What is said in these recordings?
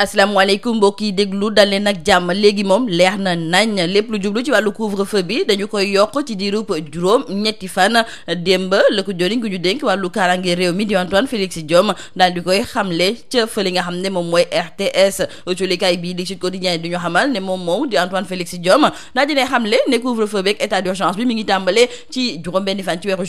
asalaamaaleykum mbokk yi déglu dal leen ak jàmm léegi moom leer na nañ lépp lu jublu ci wàllu couvre-feu bi dañu koy yokk ci diirub juróom ñetti fan démb la ko joriñ ku ñu dénk wàllu kaaraange réew mi di Antoine Félix Diome daal di koy xamle ca fële nga xam ne moom mooy RTS autolikaay bii di Sud Quotidien di ñu xamal ne moom moom di Antoine Félix Diome daal di ne xamle ne couvre-feu beeg état d'urgence mi ngi tàmbale ci juróom-benn fan ci weeru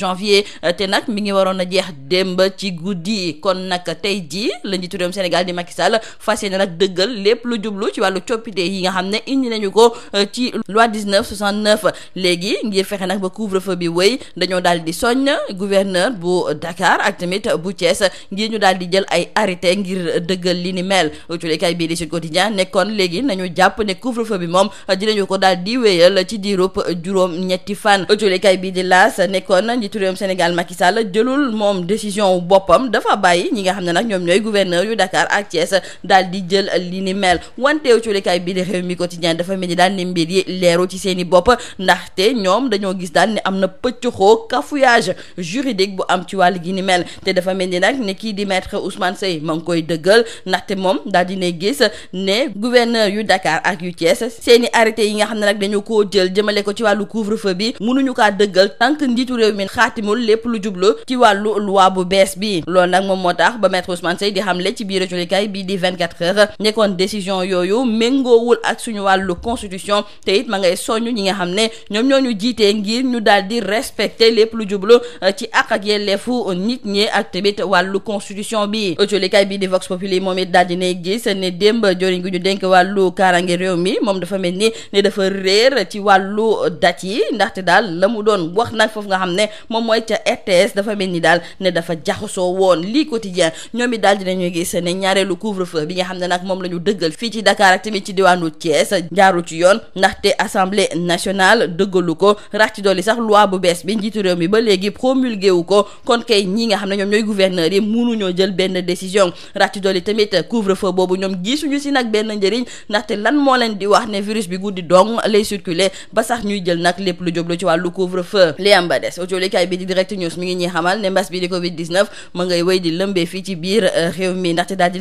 te nag mi ngi waroon a jeex démb ci guddi kon nag tey jii lañu njiitu Sénégal di Macky Sall fas yéene nag dëggal lépp lu jublu ci wàllu coppite yi nga xam ne indi nañu ko euh, ci loi 1969 léegi ngir fexe nag ba couvre-feu bi wëy dañoo daal di soññ gouverneur bu Dakar ak tamit bu Thiès ngir ñu daal di jël ay arrêté ngir dëggal li ni mel culikay bii di Sud Quotidien nekkoon léegi nañu jàpp ne couvre-feu bi moom dinañu ko daal di wéyal ci diirub juróom ñetti fan culikay bii di laa laas nekkoon njiitu réewum Sénégal Macky Sall jëlul moom décision boppam dafa bàyyi ñi nga xam ne nag ñoom ñooy gouverneur yu Dakar ak jël li ni mel wanteew culikaay bi di réew mi quotidien dafa mel ni daan ni mbir yi leeru ci seeni bopp ndaxte ñoom dañoo gis daal ni am na pëccxoo cafouillage juridique bu am ci wàll gi ni mel te dafa mel ni nag ne kii di maître Ousmane Seye ma ngi koy dëggal ndaxte moom daal ne gis ne gouverneur yu Dakar ak yu Thiès seen i arrêté yi nga xam ne nag dañu koo jël jëmale ko ci wàllu couvre-feu bi mënuñu kaa dëggal tant que njiitu réew mi xaatimul lépp lu jublu ci wàllu loi bu bees bi loolu nag moom moo tax ba maître Ousmane Seye di xamle ci biir culikaay bi di 24 nag nekkoon décision yooyu méngoowul ak suñu wàllu constitution te it ma ngay soññ ñi nga xam ne ñoom ñoo ñu jiitee ngir ñu daal di respecter lépp lu jublu euh, ci àq ak yelleefu nit ñi ak tamit wàllu constitution bi autolikaay bi di Vox Populi moom it daal di nay gis démb joriñ ñu dénk wàllu kaarange réew mi moom dafa mel ni ne dafa réer ci wàllu date yi ndaxte daal la mu doon wax nag foofu nga xam ne moom mooy ca RTS dafa mel ni daal ne dafa jaxasoo woon lii quotidien ñoom it daal dinañuy gis ne ñaareelu couvre-feu bi nga xam ne nag moom la ñu dëggal fii ci Dakar ak tamit ci diwaanu Thiès jaaru ci yoon ndaxte assemblée national dëggalu ko rax ci dolli sax loi bu bees bi njiitu réew mi ba léegi promulgué wu ko kon kay ñi nga xam ne ñoom ñooy gouverneurs yi mënuñoo jël benn décision rax ci dolli tamit couvre-feu boobu ñoom gisuñu si nag benn njëriñ ndaxte lan moo leen di wax ne virus bi guddi dong lay circuler ba sax ñuy jël nag lépp lu jublu ci wàllu couvre-feu li am ba des autolikaay bi di ngi ñuy xamal ne mbas bi di covid 19 ma ngay wéy di euh, mi ndaxte daal di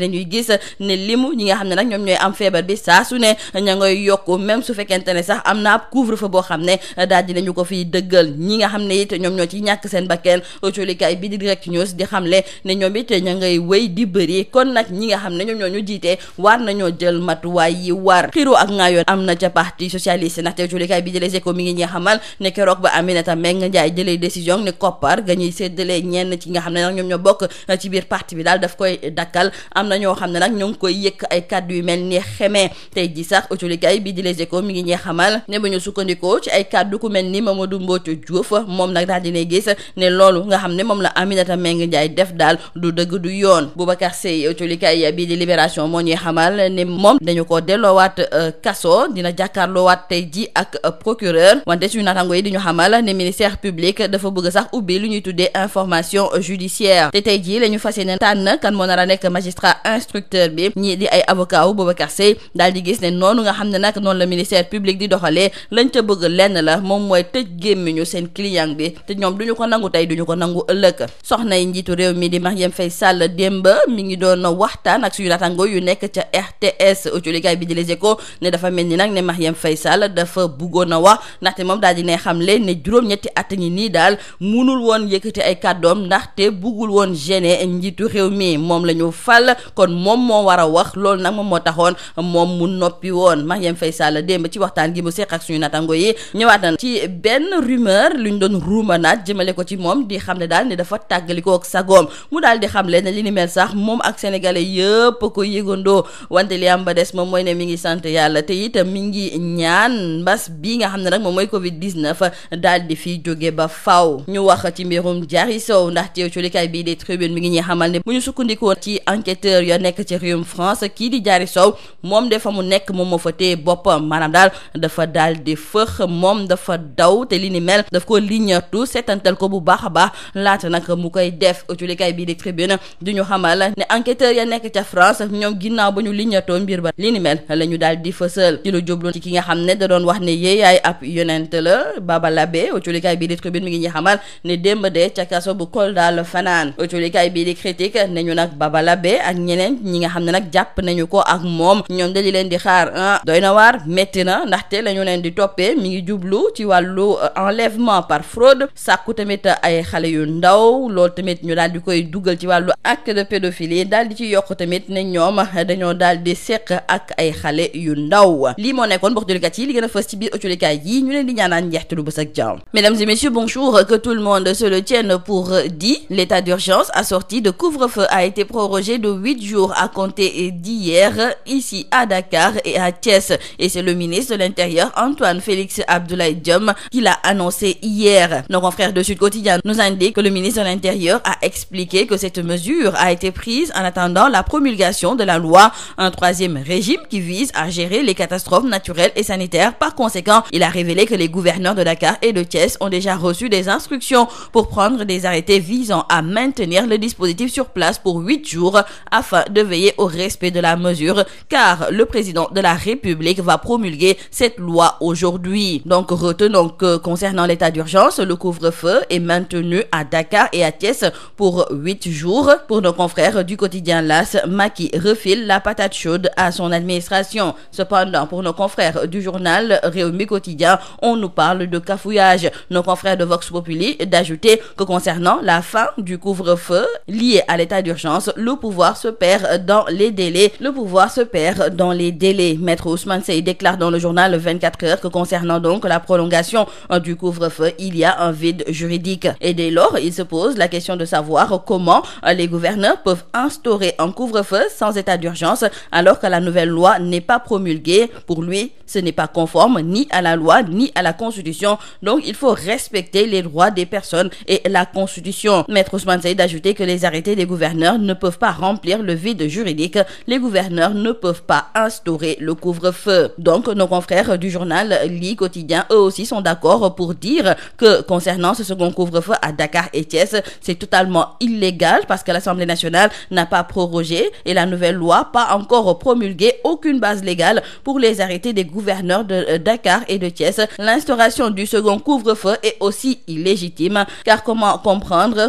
limu ñi nga xam ne nag ñoom ñooy am feebar bi saa su ne ña ngay yokku même su fekkente ne sax am na ab couvre-feu boo xam ne daal dinañu ko fiy dëggal ñi nga xam ne it ñoom ñoo ci ñàkk seen bakkeen autolikaay bi di direct news di xamle ne ñoom it ña ngay wéy di bëri kon nag ñi nga xam ne ñoom ñoo ñu jiitee war nañoo jël matuwaay yi war xiroo ak ngaayoon am na ca parti socialiste ndaxte autolikaay bi di les échos mi ngi ñi xamal ne keroog ba Aminata Mbengue Ndiaye jëlee décision ne koppar ga ñuy séddalee ñenn ci nga xam ne nag ñoom ñoo bokk ci biir parti bi daal daf koy dakkal am na ñoo xam ne nag ñoo ngi koy yëkk ay kàddu yu mel ni xeme tey ji sax autolikaay bi di les échos ngi ñee xamal ne bu ñu sukkandikoo ci ay kàddu ku mel ni Mamadou Mbodj Diouf moom nag daal dina gis ne la Aminata Mbengue Ndiaye def daal du dëgg di libération moo ñuy xamal dañu ko delloowaat euh, kaso dina jàkkaarloowaat tey ji ak euh, procureur wante suñu naatango yi di ñu xamal ne ministère public dafa bëgg sax ubbi lu ñuy tuddee information judiciaire te tey jii la ñu fas yéene tànn kan moo nar a nekk magistrat instructeur bi ñii di ay avocat wu Boubacar Sèye daal di gis ne noonu nga xam ne nag noonu la ministère public di doxalee lañ ca bëgg lenn la moom mooy tëj gémmiñu seen client bi te ñoom duñu ko nangu tey duñu ko nangu ëllëg soxna yi njiitu réew mi di Marième Faye Sall démba mi ngi doon waxtaan ak suñu natango yu nekk ca RTS autolikaay bi di Les Échos ne dafa mel ni nag ne Marième Faye Sall dafa buggoon a wax ndaxte moom daal di ne xamle ne juróom-ñetti at ñi nii daal munul woon yëkkati ay kàddoom ndaxte buggul woon gêner njiitu réew mi moom la ñu kon moom moo war a wax loolu nag moom moo taxoon moom mu noppi woon Marième Faye Sall démb ci waxtaan gi mu seq ak suñu natango yi ñëwaat na ci benn rumeur ñu doon ruumanaat jëmale ko ci moom di xam ne daal ne dafa tàggalikoo ak sagoom mu daal di xam le ne li ni sax moom ak sénégalais yëpp ko yëgandoo wante li am ba des moom mooy ne mi ngi sant yàlla te it mi ngi ñaan mbas bi nga xam ne nag moom mooy covid 19 daal di fiy jóge ba faaw ñu wax ci mbirum Diary Sow ndax teew ci likaay bii di tribune mi ngi ñuy xamal ne bu ñu sukkandikoo Casamance kii di Diary Sow moom de fa mu nekk moom moo fa téye boppam maanaam daal dafa daal di fëx moom dafa daw te li ni mel daf ko liñatu seetantal ko bu baax a baax laata nag mu koy def autolikaay bii di tribune di ñu xamal ne enquêteur ya nekk ca France ñoom ginnaaw ba ñu liñatoo mbir ba li ni mel la ñu daal di fësal ci lu jublu ci ki nga xam ne da doon wax ne yéeyaay ab yonent la Baba Labé autolikaay bii di tribune mi ngi ñuy xamal ne démb de ca kaso bu Kolda la fanaan jàpp nañu ko ak moom ñoom da di xaar ah doy na waar métti na ndaxte la ñu leen di toppee mi ngi jublu ci wàllu euh, enlèvement par fraude sàkku tamit ay xale yu ndaw loolu tamit ñu daal di koy dugal ci wàllu ak de pédophilie daal di ci yokk tamit ne ñoom dañoo daal di seq ak ay xale yu ndaw lii moo nekkoon mbokk jullikat yi li gën a fës ci biir ëcculikaay yi ñu leen di ñaanaan njeextalu bës ak jàmm mesdames et messieurs bonjour que tout le monde se le tienne pour a été et d'hier ici à Dakar et à Thiès. Et c'est le ministre de l'Intérieur, Antoine Félix Abdoulaye Diom, qui l'a annoncé hier. Nos confrères de Sud Quotidien nous indiquent que le ministre de l'Intérieur a expliqué que cette mesure a été prise en attendant la promulgation de la loi, un troisième régime qui vise à gérer les catastrophes naturelles et sanitaires. Par conséquent, il a révélé que les gouverneurs de Dakar et de Thiès ont déjà reçu des instructions respect de la mesure car le président de la République va promulguer cette loi aujourd'hui. Donc retenons que concernant l'état d'urgence, le couvre est maintenu à Dakar et à Thiès pour huit jours. Pour nos confrères du quotidien LAS, Macky refile la patate chaude à son administration. Cependant, pour nos confrères du journal Réumi Quotidien, on nous parle de cafouillage. Nos confrères de Vox Populi d'ajouter que concernant la fin du couvre lié à l'état d'urgence, le délai, le pouvoir se perd dans les délais. Maître Ousmane Sey déclare dans le journal 24 heures que concernant donc la prolongation du couvre-feu, il y a un vide juridique. Et dès lors, il se pose la question de savoir comment les gouverneurs peuvent instaurer un couvre-feu sans état d'urgence alors que la nouvelle loi n'est pas promulguée. Pour lui, ce n'est pas conforme ni à la loi ni à la Constitution. Donc, il faut respecter les droits des personnes et la Constitution. les gouverneurs ne peuvent pas instaurer le couvre-feu. Donc, nos confrères du journal Li Quotidien, eux aussi, sont d'accord pour dire que concernant ce second couvre-feu à Dakar et Thiès, c'est totalement illégal parce que l'Assemblée nationale n'a pas prorogé et la nouvelle loi pas encore promulguée aucune base légale pour les arrêtés des gouverneurs de euh, Dakar et de Thiès. L'instauration du second couvre-feu est aussi illégitime car comment comprendre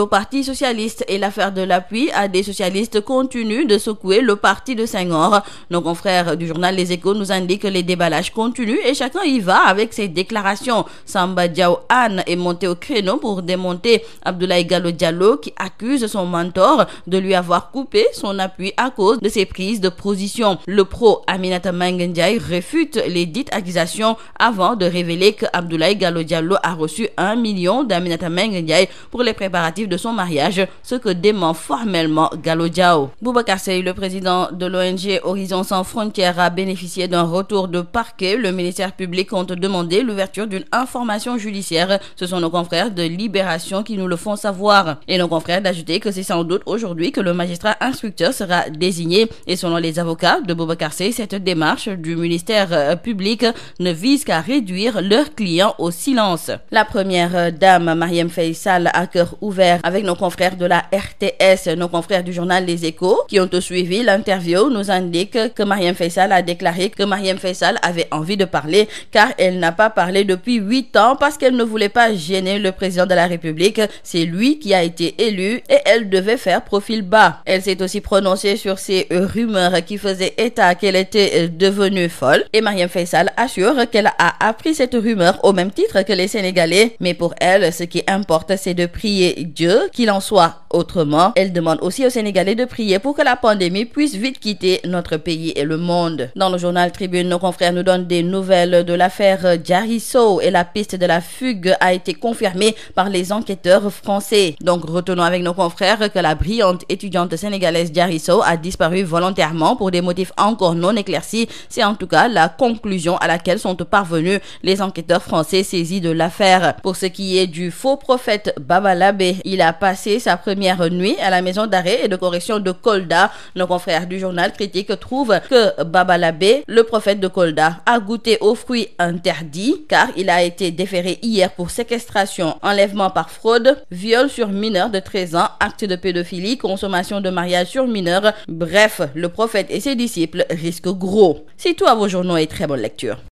au Parti socialiste et l'affaire de l'appui à des socialistes continue de secouer le parti de Senghor. Nos confrères du journal Les Échos nous indiquent les déballages continuent et chacun y va avec ses déclarations. Samba Diao Anne est monté au créneau pour démonter Abdoulaye Gallo Diallo qui accuse son mentor de lui avoir coupé son appui à cause de ses prises de position. Le pro Aminata Mbengue Ndiaye réfute les dites accusations avant de révéler que Gallo Diallo a reçu de son mariage, ce que dément formellement Gallo Diao. Boubacar Seye, le président de l'ONG Horizon sans frontières, a bénéficié d'un retour de parquet. Le ministère public compte demander l'ouverture d'une information judiciaire. Ce sont nos confrères de Libération qui nous le font savoir. Et nos confrères d'ajouter que c'est sans doute aujourd'hui que le magistrat instructeur sera désigné. Et selon les avocats de Boubacar Seye, cette démarche du avec nos confrères de la RTS, nos confrères du journal Les Échos, qui ont suivi l'interview, nous indique que Mariam Faisal a déclaré que Mariam Faisal avait envie de parler car elle n'a pas parlé depuis huit ans parce qu'elle ne voulait pas gêner le président de la République. C'est lui qui a été élu et elle devait faire profil bas. Elle s'est aussi prononcée sur ces rumeurs qui faisaient état qu'elle était devenue folle et Mariam Faisal au même titre que les Dieu, qu'il en soit Autrement, elle demande aussi aux Sénégalais de prier pour que la pandémie puisse vite quitter notre pays et le monde. Dans le journal Tribune, nos confrères nous donnent des nouvelles de l'affaire Diary et la piste de la fugue a été confirmée par les enquêteurs français. Donc retenons avec nos confrères que la brillante étudiante sénégalaise Diary a disparu volontairement pour des motifs encore non éclaircis. C'est en tout cas la conclusion à laquelle première nuit à la maison d'arrêt et de correction de Kolda. Nos confrères du journal critique trouvent que Babalabé, le prophète de Kolda, a goûté aux fruits interdits car il a été déféré hier pour séquestration, enlèvement par fraude, viol sur mineur de 13 ans, acte de pédophilie, consommation de mariage sur mineur. Bref, le prophète et ses disciples risquent gros. C'est tout à vos journaux et très bonne lecture.